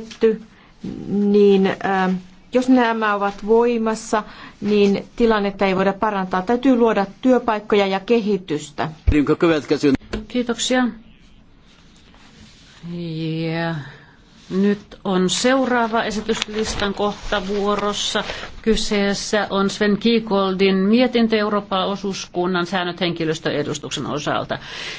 päätetty, niin ähm, jos nämä ovat voimassa, niin tilannetta ei voida parantaa. Täytyy luoda työpaikkoja ja kehitystä. Kiitoksia. Yeah. Nyt on seuraava esityslistan kohta vuorossa. Kyseessä on Sven Kiikoldin mietintö Euroopan osuuskunnan säännöt henkilöstöedustuksen osalta.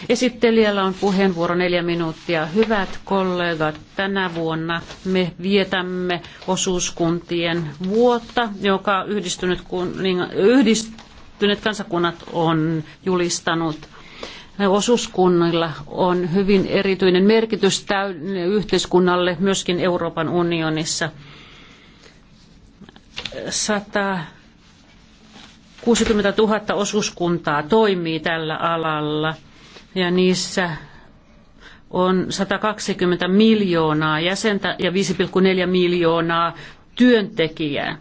Esittelijällä on puheenvuoro neljä minuuttia. Hyvät kollegat, tänä vuonna me vietämme osuuskuntien vuotta, joka yhdistynyt, kun, yhdistynyt kansakunnat on julistanut osuuskunnilla on hyvin erityinen merkitys yhteiskunnalle myöskin Euroopan unionissa. 160 000 osuuskuntaa toimii tällä alalla ja niissä on 120 miljoonaa jäsentä ja 5,4 miljoonaa työntekijää.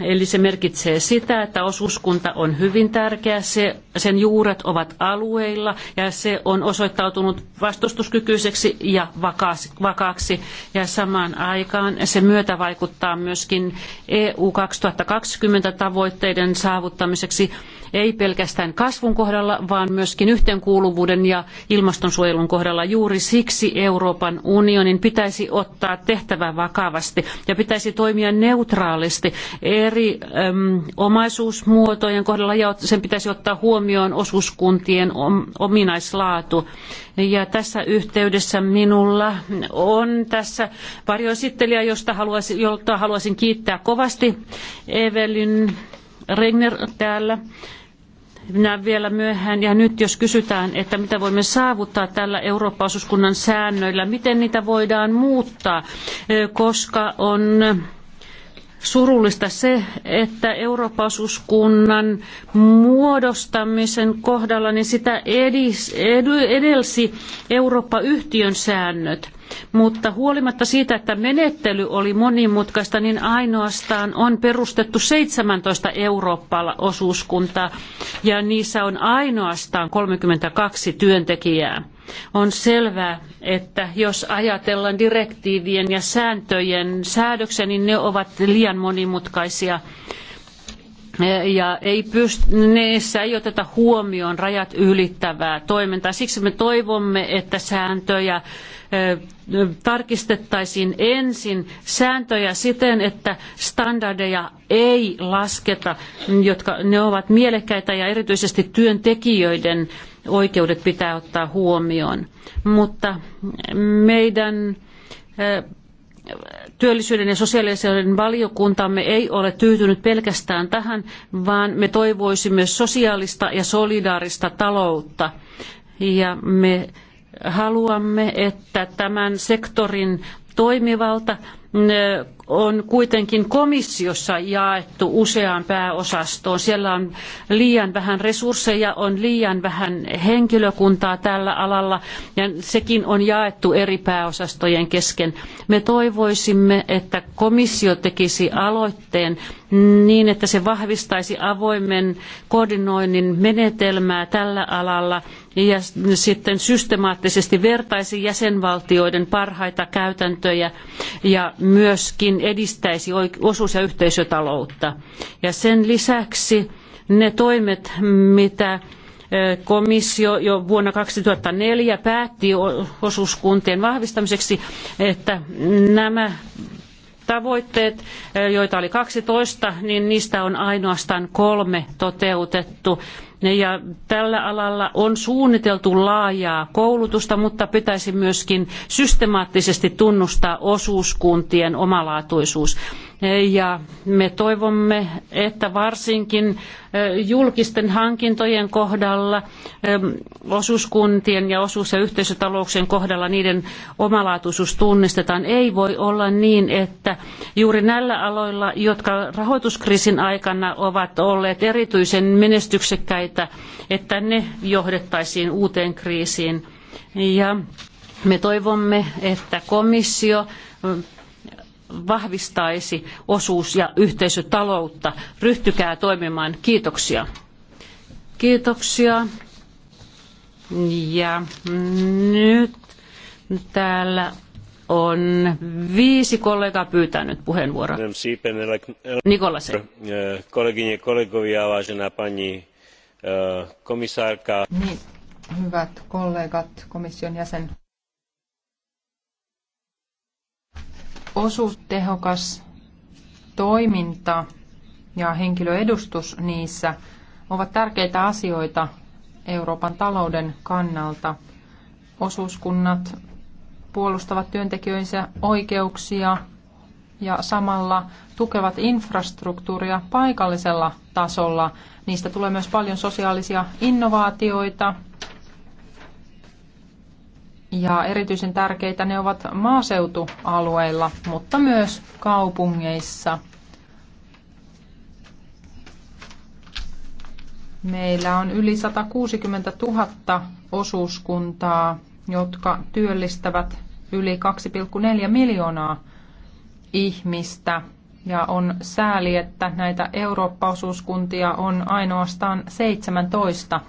Eli se merkitsee sitä, että osuuskunta on hyvin tärkeä, se, sen juuret ovat alueilla ja se on osoittautunut vastustuskykyiseksi ja vakaaksi. Ja samaan aikaan se myötä vaikuttaa myöskin EU 2020 tavoitteiden saavuttamiseksi ei pelkästään kasvun kohdalla, vaan myöskin yhteenkuuluvuuden ja ilmastonsuojelun kohdalla. Juuri siksi Euroopan unionin pitäisi ottaa tehtävä vakavasti ja pitäisi toimia neutraalisti. Eri eri äm, omaisuusmuotojen kohdalla sen pitäisi ottaa huomioon osuuskuntien om, ominaislaatu. Ja tässä yhteydessä minulla on tässä varjoesittelijä, josta haluaisin, jolta haluaisin kiittää kovasti Evelyn Regner täällä minä vielä myöhään. Ja nyt jos kysytään, että mitä voimme saavuttaa tällä Eurooppa-osuuskunnan säännöillä, miten niitä voidaan muuttaa, koska on surullista se, että Eurooppa-osuuskunnan muodostamisen kohdalla niin sitä edis, edelsi Eurooppa-yhtiön säännöt. Mutta huolimatta siitä, että menettely oli monimutkaista, niin ainoastaan on perustettu 17 Eurooppa-osuuskuntaa ja niissä on ainoastaan 32 työntekijää. On selvää, että jos ajatellaan direktiivien ja sääntöjen säädöksiä, niin ne ovat liian monimutkaisia ja ei pyst- niissä ei oteta huomioon rajat ylittävää toimintaa. Siksi me toivomme, että sääntöjä tarkistettaisiin ensin sääntöjä siten, että standardeja ei lasketa, jotka ne ovat mielekkäitä ja erityisesti työntekijöiden oikeudet pitää ottaa huomioon. Mutta meidän työllisyyden ja sosiaalisen valiokuntamme ei ole tyytynyt pelkästään tähän, vaan me toivoisimme sosiaalista ja solidaarista taloutta. Ja me haluamme, että tämän sektorin toimivalta on kuitenkin komissiossa jaettu useaan pääosastoon. Siellä on liian vähän resursseja, on liian vähän henkilökuntaa tällä alalla ja sekin on jaettu eri pääosastojen kesken. Me toivoisimme, että komissio tekisi aloitteen niin, että se vahvistaisi avoimen koordinoinnin menetelmää tällä alalla ja sitten systemaattisesti vertaisi jäsenvaltioiden parhaita käytäntöjä ja myöskin edistäisi osuus- ja yhteisötaloutta. Ja sen lisäksi ne toimet, mitä komissio jo vuonna 2004 päätti osuuskuntien vahvistamiseksi, että nämä tavoitteet, joita oli 12, niin niistä on ainoastaan kolme toteutettu. Ja tällä alalla on suunniteltu laajaa koulutusta, mutta pitäisi myöskin systemaattisesti tunnustaa osuuskuntien omalaatuisuus ja me toivomme, että varsinkin julkisten hankintojen kohdalla, osuuskuntien ja osuus- ja yhteisötalouksien kohdalla niiden omalaatuisuus tunnistetaan. Ei voi olla niin, että juuri näillä aloilla, jotka rahoituskriisin aikana ovat olleet erityisen menestyksekkäitä, että ne johdettaisiin uuteen kriisiin. Ja me toivomme, että komissio vahvistaisi osuus- ja yhteisötaloutta. Ryhtykää toimimaan. Kiitoksia. Kiitoksia. Ja nyt täällä on viisi kollegaa pyytänyt puheenvuoroa. Nikolasek. Euh, Kollegine, kollegovia, vážená pani e, komissaarka. Niin, hyvät kollegat, komission jäsen. osuustehokas toiminta ja henkilöedustus niissä ovat tärkeitä asioita Euroopan talouden kannalta. Osuuskunnat puolustavat työntekijöinsä oikeuksia ja samalla tukevat infrastruktuuria paikallisella tasolla. Niistä tulee myös paljon sosiaalisia innovaatioita ja erityisen tärkeitä ne ovat maaseutualueilla, mutta myös kaupungeissa. Meillä on yli 160 000 osuuskuntaa, jotka työllistävät yli 2,4 miljoonaa ihmistä. Ja on sääli, että näitä Eurooppa-osuuskuntia on ainoastaan 17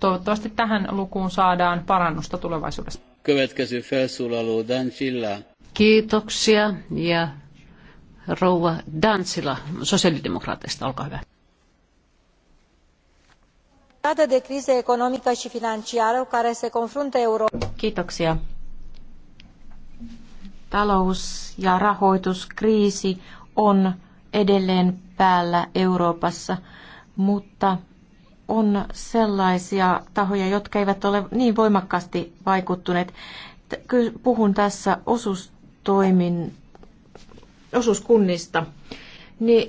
Toivottavasti tähän lukuun saadaan parannusta tulevaisuudessa. Kiitoksia ja rouva Dansila sosiaalidemokraateista, olkaa hyvä. de criză economică și financiară cu care se confruntă Europa. Kiitoksia. Talous- ja rahoituskriisi on edelleen päällä Euroopassa, mutta on sellaisia tahoja, jotka eivät ole niin voimakkaasti vaikuttuneet. Puhun tässä osustoimin osuuskunnista. Ne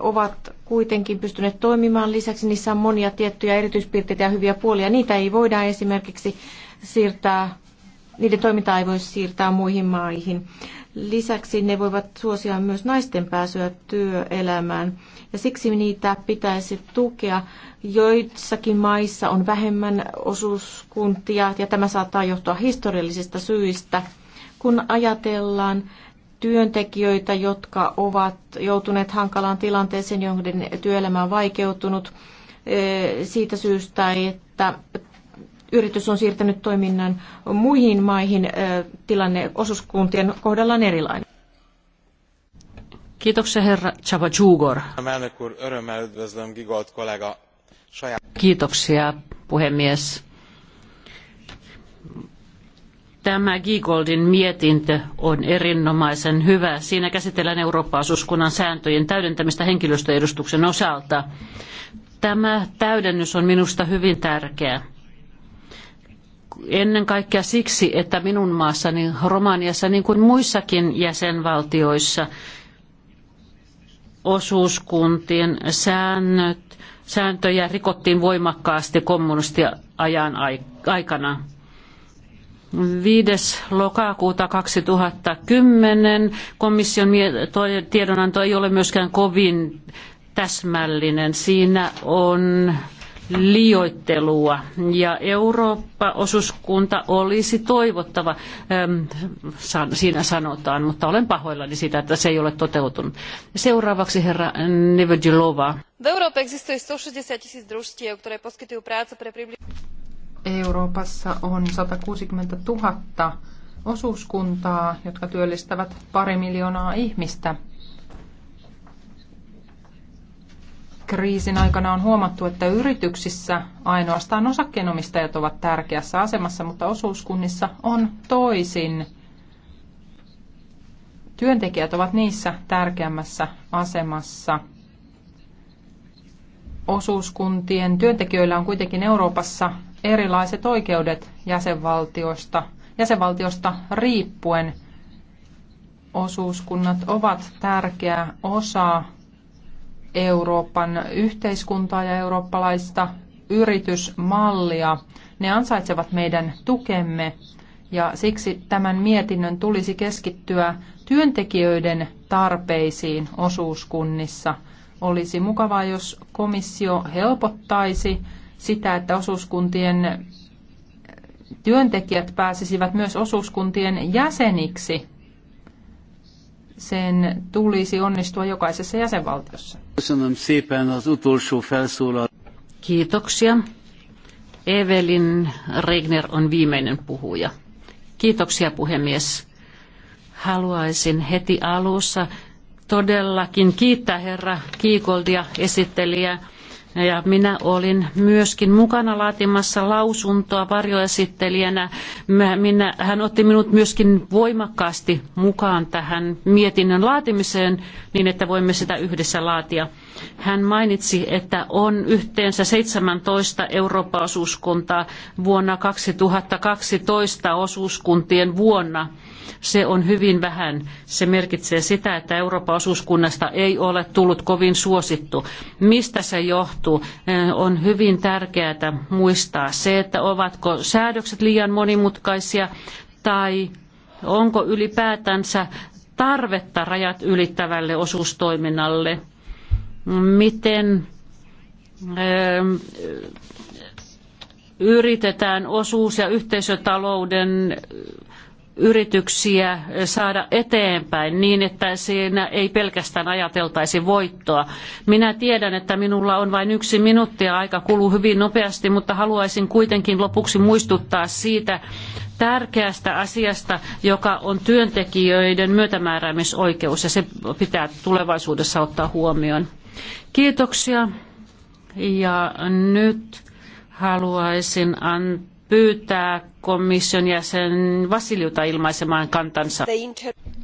ovat kuitenkin pystyneet toimimaan. Lisäksi niissä on monia tiettyjä erityispiirteitä ja hyviä puolia. Niitä ei voida esimerkiksi siirtää, niiden toimintaa ei voi siirtää muihin maihin. Lisäksi ne voivat suosia myös naisten pääsyä työelämään ja siksi niitä pitäisi tukea. Joissakin maissa on vähemmän osuuskuntia ja tämä saattaa johtua historiallisista syistä. Kun ajatellaan työntekijöitä, jotka ovat joutuneet hankalaan tilanteeseen, joiden työelämä on vaikeutunut eh, siitä syystä, että yritys on siirtänyt toiminnan muihin maihin, tilanne osuuskuntien kohdalla on erilainen. Kiitoksia herra Chavajugor. Kiitoksia puhemies. Tämä Giegoldin mietintö on erinomaisen hyvä. Siinä käsitellään Euroopan osuuskunnan sääntöjen täydentämistä henkilöstöedustuksen osalta. Tämä täydennys on minusta hyvin tärkeä ennen kaikkea siksi, että minun maassani Romaniassa, niin kuin muissakin jäsenvaltioissa, osuuskuntien säännöt, sääntöjä rikottiin voimakkaasti kommunistiajan aikana. 5. lokakuuta 2010 komission tiedonanto ei ole myöskään kovin täsmällinen. Siinä on liioittelua. Ja Eurooppa-osuuskunta olisi toivottava, ähm, siinä sanotaan, mutta olen pahoillani siitä, että se ei ole toteutunut. Seuraavaksi herra Nevedjilova. Euroopassa on 160 000 osuuskuntaa, jotka työllistävät pari miljoonaa ihmistä. kriisin aikana on huomattu, että yrityksissä ainoastaan osakkeenomistajat ovat tärkeässä asemassa, mutta osuuskunnissa on toisin. Työntekijät ovat niissä tärkeämmässä asemassa. Osuuskuntien työntekijöillä on kuitenkin Euroopassa erilaiset oikeudet jäsenvaltiosta, jäsenvaltiosta riippuen. Osuuskunnat ovat tärkeä osa Euroopan yhteiskuntaa ja eurooppalaista yritysmallia. Ne ansaitsevat meidän tukemme ja siksi tämän mietinnön tulisi keskittyä työntekijöiden tarpeisiin osuuskunnissa. Olisi mukavaa, jos komissio helpottaisi sitä, että osuuskuntien työntekijät pääsisivät myös osuuskuntien jäseniksi sen tulisi onnistua jokaisessa jäsenvaltiossa. Kiitoksia. Evelin Regner on viimeinen puhuja. Kiitoksia puhemies. Haluaisin heti alussa todellakin kiittää herra Kiikoldia esittelijää ja minä olin myöskin mukana laatimassa lausuntoa varjoesittelijänä. Minä, hän otti minut myöskin voimakkaasti mukaan tähän mietinnön laatimiseen niin, että voimme sitä yhdessä laatia. Hän mainitsi, että on yhteensä 17 Euroopan osuuskuntaa vuonna 2012 osuuskuntien vuonna. Se on hyvin vähän. Se merkitsee sitä, että Euroopan osuuskunnasta ei ole tullut kovin suosittu. Mistä se johtuu? Eh, on hyvin tärkeää muistaa se, että ovatko säädökset liian monimutkaisia tai onko ylipäätänsä tarvetta rajat ylittävälle osuustoiminnalle miten ähm, yritetään osuus- ja yhteisötalouden äh, yrityksiä äh, saada eteenpäin niin, että siinä ei pelkästään ajateltaisi voittoa. Minä tiedän, että minulla on vain yksi minuutti ja aika kuluu hyvin nopeasti, mutta haluaisin kuitenkin lopuksi muistuttaa siitä tärkeästä asiasta, joka on työntekijöiden myötämääräämisoikeus ja se pitää tulevaisuudessa ottaa huomioon. Kiitoksia. Ja nyt haluaisin pyytää komission jäsen Vasiliuta ilmaisemaan kantansa.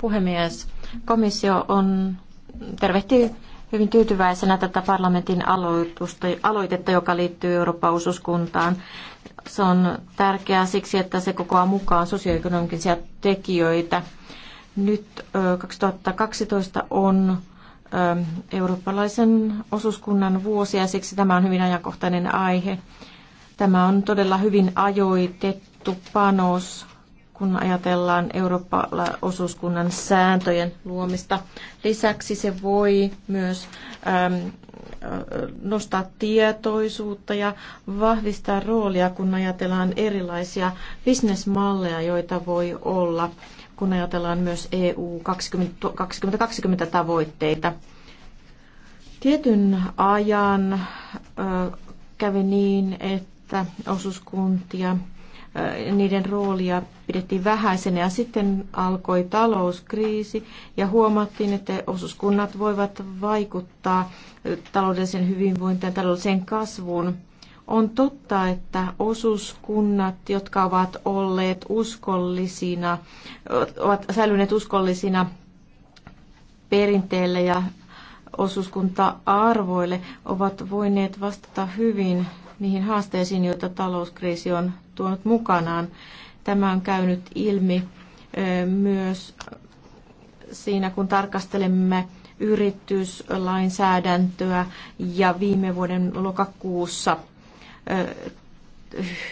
Puhemies, komissio on tervehti hyvin tyytyväisenä tätä parlamentin aloitusta, aloitetta, joka liittyy Euroopan osuuskuntaan. Se on tärkeää siksi, että se kokoaa mukaan sosioekonomisia tekijöitä. Nyt 2012 on eurooppalaisen osuuskunnan vuosi ja siksi tämä on hyvin ajankohtainen aihe. Tämä on todella hyvin ajoitettu panos, kun ajatellaan eurooppalaisen osuuskunnan sääntöjen luomista. Lisäksi se voi myös nostaa tietoisuutta ja vahvistaa roolia, kun ajatellaan erilaisia bisnesmalleja, joita voi olla – kun ajatellaan myös EU 2020 tavoitteita. Tietyn ajan kävi niin, että osuuskuntia, niiden roolia pidettiin vähäisenä ja sitten alkoi talouskriisi ja huomattiin, että osuuskunnat voivat vaikuttaa taloudellisen hyvinvointiin ja taloudelliseen kasvuun on totta, että osuuskunnat, jotka ovat olleet uskollisina, ovat säilyneet uskollisina perinteelle ja osuuskunta-arvoille, ovat voineet vastata hyvin niihin haasteisiin, joita talouskriisi on tuonut mukanaan. Tämä on käynyt ilmi myös siinä, kun tarkastelemme yrityslainsäädäntöä ja viime vuoden lokakuussa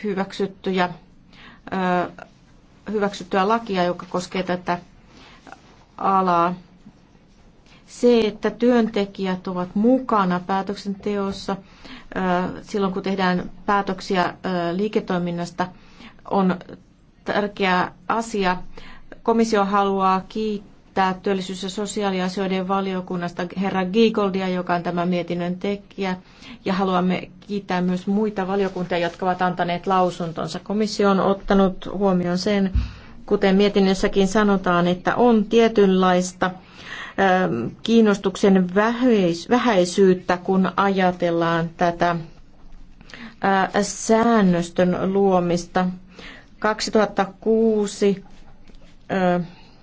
hyväksyttyjä, hyväksyttyä lakia, joka koskee tätä alaa. Se, että työntekijät ovat mukana päätöksenteossa silloin, kun tehdään päätöksiä liiketoiminnasta, on tärkeä asia. Komissio haluaa kiittää kiittää työllisyys- ja sosiaaliasioiden valiokunnasta herra Giegoldia, joka on tämän mietinnön tekijä. Ja haluamme kiittää myös muita valiokuntia, jotka ovat antaneet lausuntonsa. Komissio on ottanut huomioon sen, kuten mietinnössäkin sanotaan, että on tietynlaista kiinnostuksen vähäisyyttä, kun ajatellaan tätä säännöstön luomista. 2006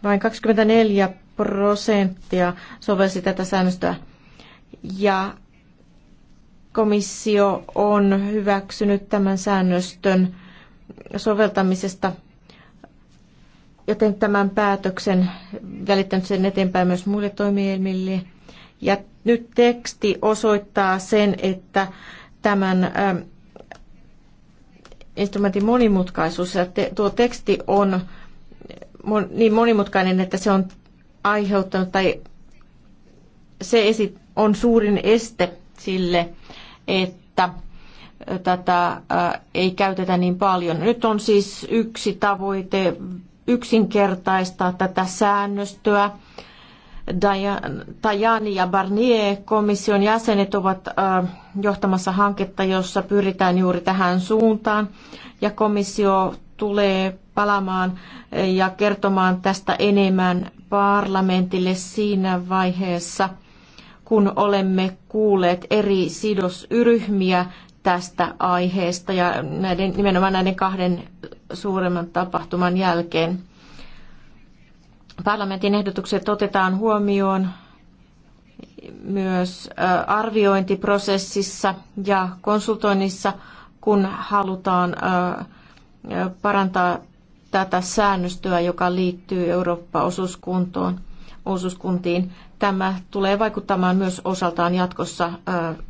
vain 24 prosenttia sovelsi tätä säännöstä. Ja komissio on hyväksynyt tämän säännöstön soveltamisesta, joten tämän päätöksen välittänyt sen eteenpäin myös muille toimielimille. Ja nyt teksti osoittaa sen, että tämän instrumentin monimutkaisuus ja te, tuo teksti on niin monimutkainen, että se on aiheuttanut tai se esi- on suurin este sille, että tätä äh, ei käytetä niin paljon. Nyt on siis yksi tavoite yksinkertaistaa tätä säännöstöä. Tajani ja Barnier, komission jäsenet, ovat äh, johtamassa hanketta, jossa pyritään juuri tähän suuntaan. Ja komissio tulee palamaan ja kertomaan tästä enemmän parlamentille siinä vaiheessa, kun olemme kuulleet eri sidosryhmiä tästä aiheesta ja näiden, nimenomaan näiden kahden suuremman tapahtuman jälkeen. Parlamentin ehdotukset otetaan huomioon myös arviointiprosessissa ja konsultoinnissa, kun halutaan parantaa tätä säännöstöä, joka liittyy Eurooppa-osuuskuntoon osuuskuntiin. Tämä tulee vaikuttamaan myös osaltaan jatkossa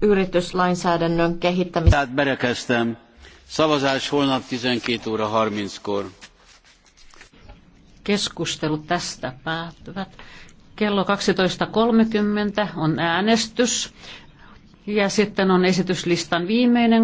yrityslainsäädännön kehittämiseen. Tehát Szavazás holnap 12 óra 30-kor. Keskustelut tästä päättyvät. Kello 12.30 on äänestys ja sitten on esityslistan viimeinen